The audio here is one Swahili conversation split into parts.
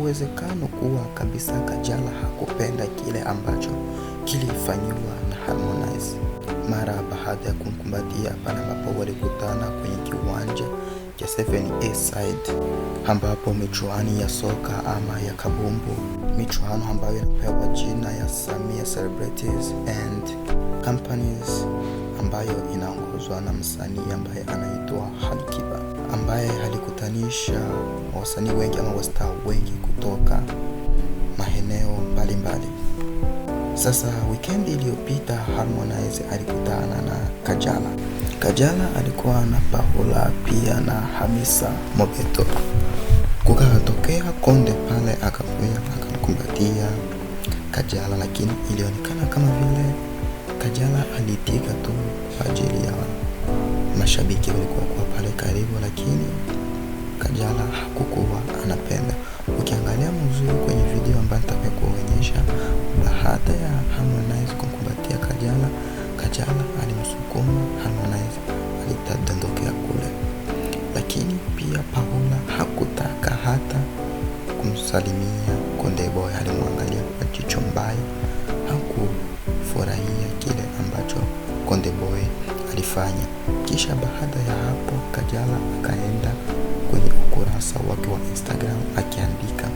uwezekano kuwa kabisa Kajala hakupenda kile ambacho kilifanyiwa na Harmonize mara baada ya kumkumbatia pale ambapo walikutana kwenye kiwanja cha 7A side ambapo michuani ya soka ama ya kabumbu, michuano ambayo inapewa jina ya Samia Celebrities and Companies ambayo inaongozwa na msanii ambaye anaitwa Halkiba ambaye alikutanisha wasanii wengi ama wasta wengi kutoka maeneo mbalimbali. Sasa wikendi iliyopita Harmonize alikutana na Kajala. Kajala alikuwa na Paula pia na Hamisa Mobeto. Kukatokea Konde pale akakuya akamkumbatia Kajala, lakini ilionekana kama vile Kajala alitika tu kwa ajili ya mashabiki walikuwa karibu, lakini Kajala hakukuwa anapenda. Ukiangalia mzuri kwenye video ambayo kuonyesha baada ya Harmonize kumkumbatia Kajala, Kajala alimsukuma Harmonize alitadondokea kule, lakini pia Paula hakutaka hata kumsalimia Konde Boy, alimwangalia kwa jicho mbaya, hakufurahia kile ambacho Konde Boy kufanya. Kisha baada ya hapo, Kajala akaenda kwenye ukurasa wake wa Instagram akiandika,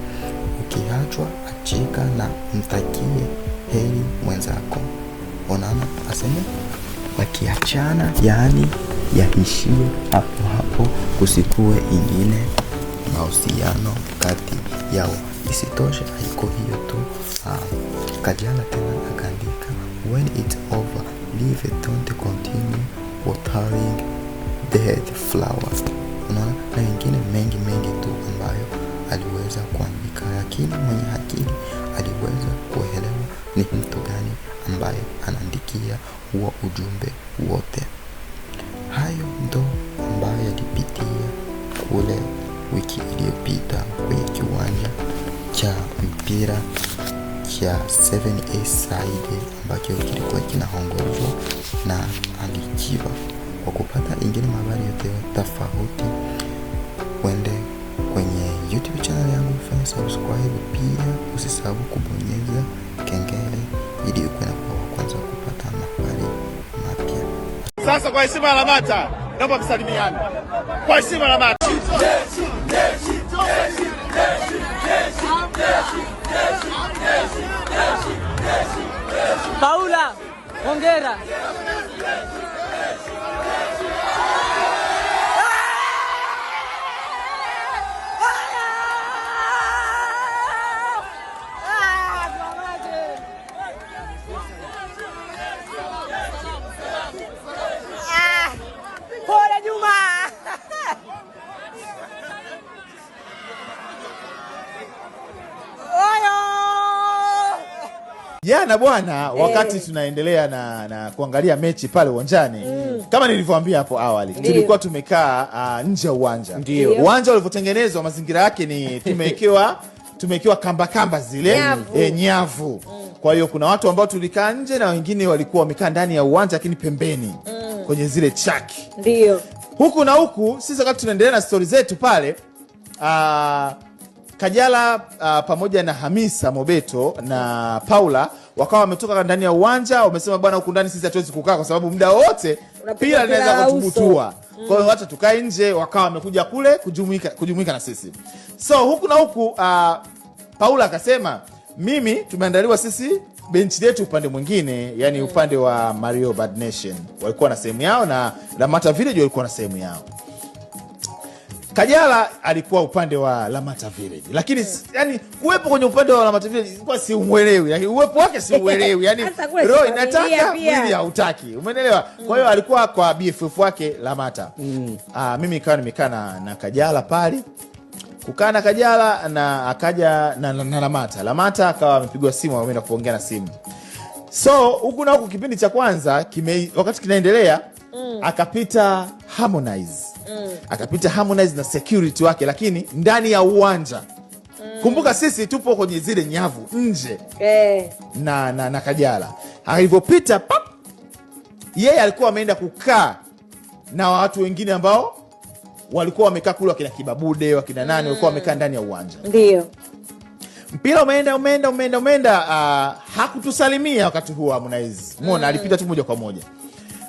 ukiachwa achika na mtakie heri mwenzako. Onana aseme wakiachana, yaani yaishie hapo hapo, kusikue ingine mahusiano kati yao. Isitoshe, haiko hiyo tu. Ah, Kajala tena akaandika, when it's over leave it, don't continue watering dead flowers. Unaona, na mengine mengi mengi tu ambayo aliweza kuandika, lakini mwenye hakili aliweza kuelewa ni mtu gani ambaye anaandikia huo ujumbe wote. Hayo ndo ambayo yalipitia kule wiki iliyopita kwenye kiwanja cha mpira cha 7A side ambacho kilikuwa kinaongozwa na Alikiba. Kwa kupata ingine habari yote tofauti, uende kwenye YouTube channel yangu fanya subscribe, pia usisahau kubonyeza kengele ili uwe kwa kwanza kupata habari mapya. Sasa kwa heshima ya Lamata naomba kwa heshima ya Lamata. brasileira! jana bwana, eh. wakati tunaendelea na, na kuangalia mechi pale uwanjani mm. kama nilivyoambia hapo awali Ndiyo. tulikuwa tumekaa uh, nje ya uwanja uwanja ulivyotengenezwa mazingira yake ni tumewekewa tumewekewa kamba kamba zile nyavu, e, nyavu. Mm. kwa hiyo kuna watu ambao tulikaa nje na wengine walikuwa wamekaa ndani ya uwanja lakini pembeni mm. kwenye zile chaki Ndiyo. huku na huku sisi wakati tunaendelea na stori zetu pale uh, Kajala uh, pamoja na Hamisa Mobeto na Paula wakawa wametoka ndani ya uwanja, wamesema bwana, huku ndani sisi hatuwezi kukaa kwa sababu muda wote pila inaweza kutubutua mm. Kwa hiyo hata tukae nje, wakawa wamekuja kule kujumuika, kujumuika na sisi. So huku na huku uh, ah, Paula akasema mimi tumeandaliwa sisi benchi letu upande mwingine, yani mm. upande wa Mario Bad Nation walikuwa na sehemu yao na Lamata Village walikuwa na sehemu yao. Kajala alikuwa upande wa Lamata Village, lakini yeah. yani uwepo kwenye upande wa Lamata Village ilikuwa si siuelewi, yani uwepo wake siuelewi, yani Hasa roho inataka pia. mwili hautaki, umeelewa? Mm. Kwa hiyo alikuwa kwa BFF wake Lamata. Mm. Ah, mimi ikawa nimekaa na, na Kajala pale kukaa na Kajala na akaja na, na, na Lamata. Lamata akawa amepigwa simu, ameenda kuongea na simu so huku na huku kipindi cha kwanza kime, wakati kinaendelea mm. akapita Harmonize mm. akapita Harmonize na security wake, lakini ndani ya uwanja mm. kumbuka sisi tupo kwenye zile nyavu nje eh. na, na, na Kajala alivyopita pap, yeye alikuwa ameenda kukaa na watu wengine ambao walikuwa wamekaa kule, wakina Kibabude wakina nani mm. walikuwa wamekaa ndani ya uwanja ndio mpira umeenda umeenda umeenda umeenda. Uh, hakutusalimia wakati huo Harmonize, umeona mm. alipita tu moja kwa moja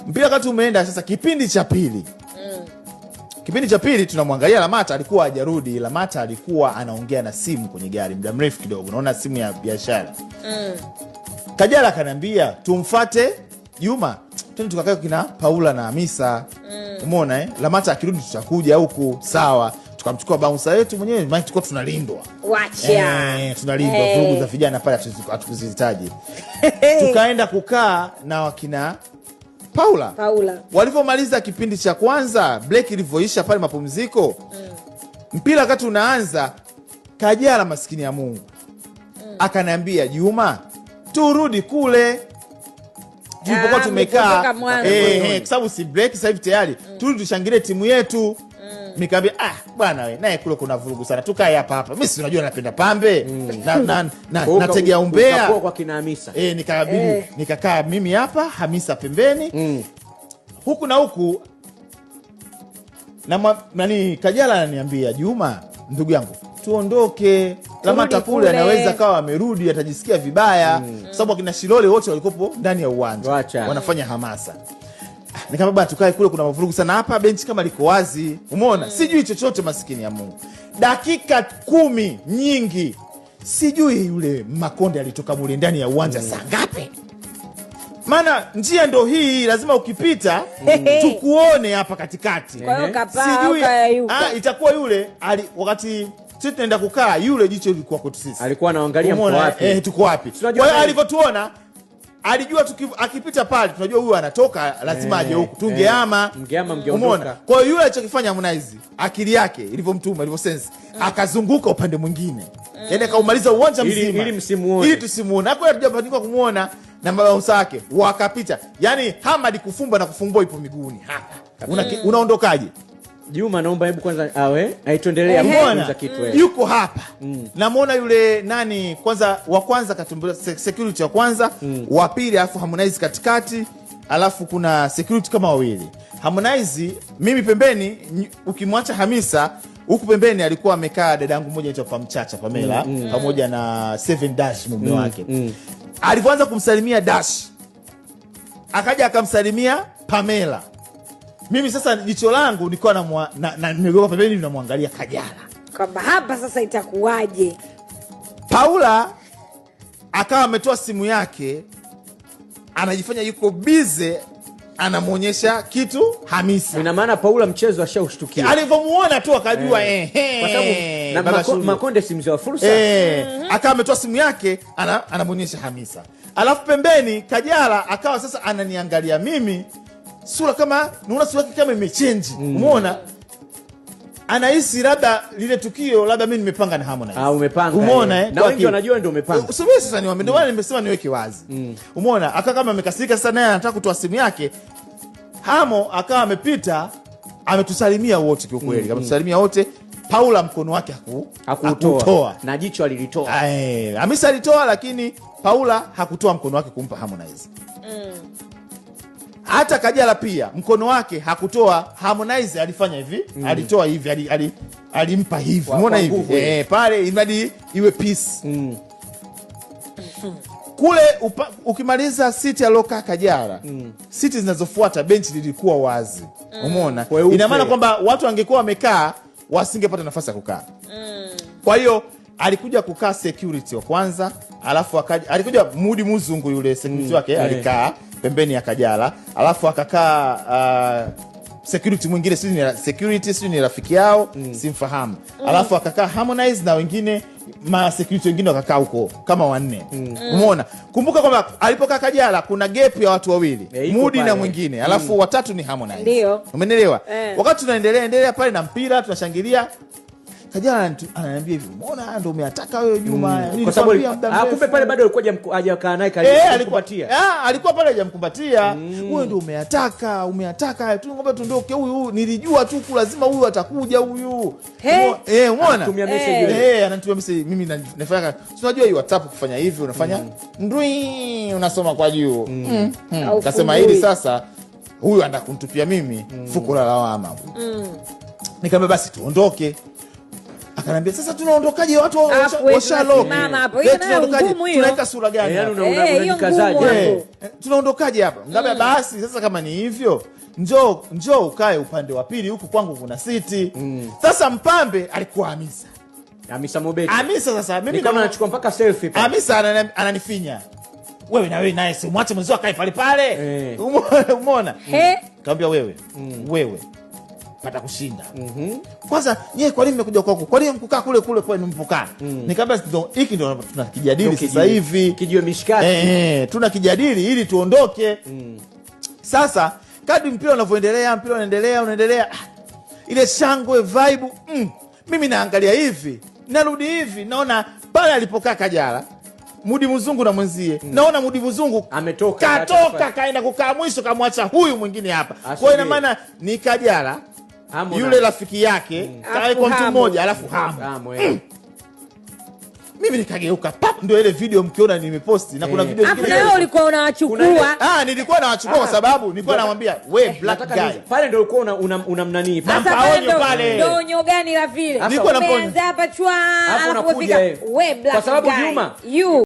mpira wakati umeenda. Sasa kipindi cha pili Kipindi cha pili tunamwangalia Lamata, alikuwa ajarudi Lamata alikuwa anaongea na simu kwenye gari muda mrefu kidogo, naona simu ya biashara mm. Kajala akaniambia tumfate Juma, twende tukakaa kina Paula na misa mm. umona eh? Lamata akirudi tutakuja huku, sawa tukamchukua baunsa yetu mwenyewe, maana tulikuwa tunalindwa, e, tunalindwa hey. Vurugu za vijana pale hatukuzihitaji tukaenda kukaa na wakina Paula, Paula. Walivyomaliza kipindi cha kwanza break ilivyoisha pale mapumziko mm. mpira wakati unaanza Kajala maskini ya Mungu mm. akaniambia Juma, turudi kule tulipokuwa ah, tumekaa, eh, eh, kwa sababu si break sasa hivi tayari mm. turudi tushangilie timu yetu nikaambia ah, bwana we naye kule kuna vurugu sana, tukae hapa hapa. Mimi si unajua napenda pambe mm. nategea umbea kwa eh, nikabidi eh. nikakaa mimi hapa Hamisa pembeni mm. huku na huku na nani Kajala ananiambia Juma, ndugu yangu tuondoke Lamata kule anaweza kawa amerudi atajisikia vibaya, mm. sababu akina Shilole wote walikopo ndani ya uwanja wanafanya hamasa. Nikamwambia bwana, tukae kule, kuna mavurugu sana hapa, benchi kama liko wazi, umona mm. Sijui chochote, masikini ya Mungu. Dakika kumi nyingi, sijui yule Makonde alitoka mule ndani ya uwanja mm. ngapi, maana njia ndo hii, lazima ukipita mm. tukuone hapa katikati. Sijui ah, itakuwa yule ali, wakati tnaenda kukaa, yule jicho lilikuwa kwetu sisi, alikuwa anaangalia eh, tuko wapi. Kwa hiyo alivyotuona alijua akipita pale tunajua huyu anatoka lazima aje eh, huku, tungeama. Eh, umona Kwa hiyo yule alichokifanya Harmonize, akili yake ilivyomtuma, sense eh. akazunguka upande mwingine, yaani akaumaliza uwanja mzima ili tusimuone, hatujafanikiwa kumwona na mabausa wake wakapita. yani Hamad kufumba na kufumbua ipo miguuni. Unaondokaje? Juma, naomba hebu kwanza awe aituendelea kitu wewe. Yuko hapa. Mm. Namuona yule nani kwanza wa kwanza security wa kwanza, mm. wa pili alafu Harmonize katikati, alafu kuna security kama wawili. Harmonize mimi pembeni, ukimwacha Hamisa huku pembeni alikuwa amekaa dadangu mmoja anaitwa Pamchacha Pamela, mm. mm. pamoja na Seven Dash mume mm, wake. Mm. Alipoanza kumsalimia Dash akaja akamsalimia Pamela mimi sasa jicho langu nikiwa na, na, nimegeuka pembeni namwangalia Kajala kwamba hapa sasa itakuwaje. Paula akawa ametoa simu yake anajifanya yuko bize anamwonyesha kitu Hamisa. Ina maana Paula mchezo ashaushtukia, alivyomuona tu akajua eh, eh, na mako, Makonde simu za fursa eh, mm -hmm. Akawa ametoa simu yake anamwonyesha Hamisa, alafu pembeni Kajala akawa sasa ananiangalia mimi sura kama naona sura yake kama imechange mm. Umeona anahisi labda lile tukio labda mimi nimepanga na Harmonize. Ah, umepanga. Umeona eh? eh? Na wengi wanajua ndio umepanga. Sio sasa niwaambia, ndio maana mm. nimesema niweke wazi. Mm. Umeona? Aka kama amekasirika sasa naye anataka kutoa simu yake. Hamo akawa amepita ametusalimia wote kiukweli. Mm. mm. Ametusalimia wote. Paula mkono wake haku, hakutoa. Na jicho alilitoa. Eh, Hamisa alitoa lakini Paula hakutoa mkono wake kumpa Harmonize. Mm hata Kajala pia mkono wake hakutoa. Harmonize alifanya hivi mm. alitoa hivi ali, ali, alimpa hivi, umeona hivi eh, pale inabidi iwe peace mm. kule upa, ukimaliza siti aliokaa Kajala mm. siti zinazofuata benchi lilikuwa wazi mm. umeona, ina maana kwamba watu wangekuwa wamekaa wasingepata nafasi ya kukaa mm. kwa hiyo alikuja kukaa security wa kwanza, alafu akaja alikuja Mudi Muzungu yule security mm. wake eh. alikaa pembeni ya Kajala, alafu akakaa uh, security mwingine sijui ni security sijui ni rafiki yao mm. simfahamu mm. alafu akakaa Harmonize na wengine ma security wengine wakakaa huko kama wanne mm. mm. umeona kumbuka kwamba alipokaa Kajala kuna gap ya watu wawili e, eh, Mudi na mwingine alafu mm. watatu ni Harmonize umeelewa eh. wakati tunaendelea endelea pale na mpira tunashangilia na ananiambia hivi, mbona ndo umeataka wewe Juma? Mm. Yaani pale bado alikuwa hajakaa naye karibu, eh, alikupatia ah, alikuwa pale hajamkumbatia mm. wewe, ndo umeataka, umeataka tu, tuondoke. Huyu nilijua tu lazima huyu atakuja huyu. Eh, umeona message, eh. eh, anatumia message. Mimi nafanya unajua hii WhatsApp kufanya hivi, unafanya mm. ndui, unasoma kwa juu, kasema hili sasa huyu mimi fuko la lawama. Nikamwambia basi tuondoke akanambia sasa tunaondokaje watu washalogtunaweka sura eh, yaani hapa eh, eh, ngaba mm. basi sasa kama ni hivyo njoo njoo ukae upande wa pili huku kwangu kuna siti mm. sasa mpambe alikuwa amisa amisa amisa sasa anachukua mpaka selfie amisa ananifinya wewe na naye simwache mwenzio akae pale pale kaambia wewe mm. wewe pata kushinda. mm -hmm. Kwanza nyie, kwa nini mmekuja kwako? Kwa nini mkukaa kule kule kwenu mpokaa? mm. Nikaambia ndo hiki ndo tunakijadili sasa hivi, kijue mishikaki eh, eh, tunakijadili ili tuondoke. mm. Sasa kadi mpira unavyoendelea, mpira unaendelea, unaendelea, ah, ile shangwe vibe. mm. Mimi naangalia hivi, narudi hivi, naona pale alipokaa Kajala Mudi Mzungu na mwenzie mm. naona Mudi Mzungu ametoka, katoka kaenda kukaa mwisho, kamwacha huyu mwingine hapa. Kwa hiyo ina maana ni Kajala yule rafiki yake mm. kwa mtu mmoja, alafu hamu eh. mm. mimi nikageuka pap, ndio ile video mkiona nimeposti na kuna hey. Eh. video nyingine ah, hapo. ulikuwa unawachukua? Ah, nilikuwa nawachukua kwa ah. sababu nilikuwa namwambia we eh, black guy pale, ndio ulikuwa una unamnani pale pale, ndio onyo gani la vile nilikuwa napoanza hapa chwa, alafu we black guy, kwa sababu nyuma you